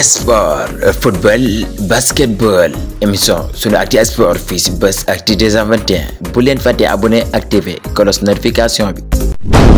sport football basketball émission sunu acti sport fii si Buzz Actu 221 bu leen fàtte abonné activé cloche notification bi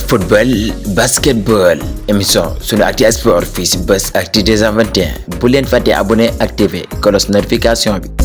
football basketball émission sunu acti sport fii ak Buzz Actu 221 bu leen fàttee abonné activé cloche notification bi